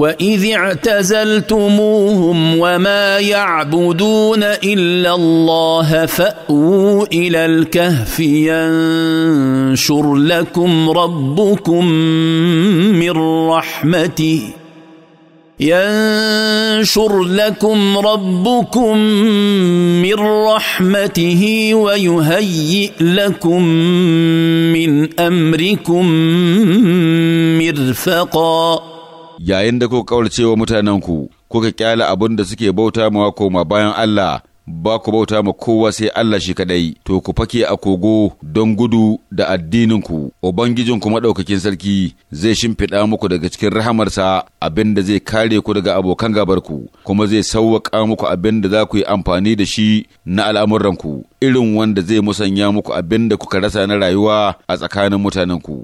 واذ اعتزلتموهم وما يعبدون الا الله فاووا الى الكهف ينشر لكم ربكم من رحمته ينشر لكم ربكم من رحمته ويهيئ لكم من امركم مرفقا yayin da kuka mutanen ku kuka kyala abin da suke bauta ko koma bayan Allah ba ku bauta ma kowa sai Allah shi kadai to ku fake a kogo don gudu da addinin ku ubangijin ku madaukakin sarki zai shimfiɗa muku daga cikin rahamarsa abin da zai kare ku daga abokan gabar ku kuma zai sauwaƙa muku abinda da za ku yi amfani da shi na al'amuran ku irin wanda zai musanya muku abin da kuka rasa na rayuwa a tsakanin mutanen ku.